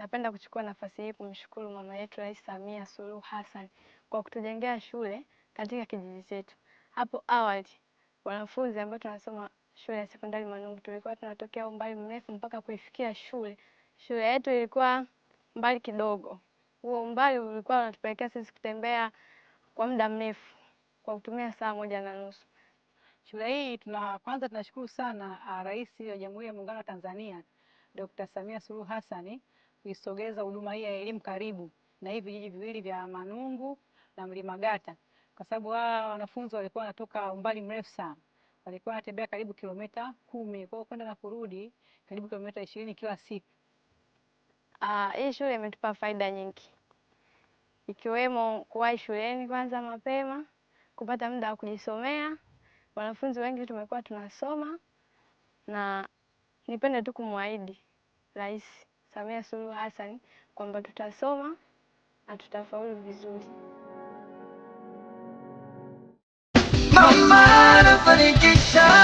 Napenda kuchukua nafasi hii kumshukuru mama yetu Rais Samia Suluhu Hassan kwa kutujengea shule katika kijiji chetu. Hapo awali wanafunzi ambao tunasoma shule ya sekondari Manungu tulikuwa tunatokea umbali mrefu mpaka kuifikia shule. Shule yetu ilikuwa mbali kidogo. Huo umbali ulikuwa unatupelekea sisi kutembea kwa muda mrefu kwa kutumia saa moja na nusu. Shule hii tuna kwanza tunashukuru sana ah, Rais wa Jamhuri ya Muungano wa Tanzania Dr. Samia Suluhu Hassan kuisogeza huduma hii ya elimu karibu na hii vijiji viwili vya Manungu na Gata, kwa sababu hawa wanafunzi walikuwa wanatoka umbali mrefu sana, walikuwa wanatembea karibu kilomita kumi kwao kwenda na kurudi karibu kilomita ishirini kila siku. Uh, hii shule imetupa faida nyingi ikiwemo kuwahi shuleni kwanza mapema, kupata muda wa kujisomea. Wanafunzi wengi tumekuwa tunasoma, na nipende tu kumwahidi Rais Samia Suluhu Hassan kwamba tutasoma na tutafaulu vizuri. Mama anafanikisha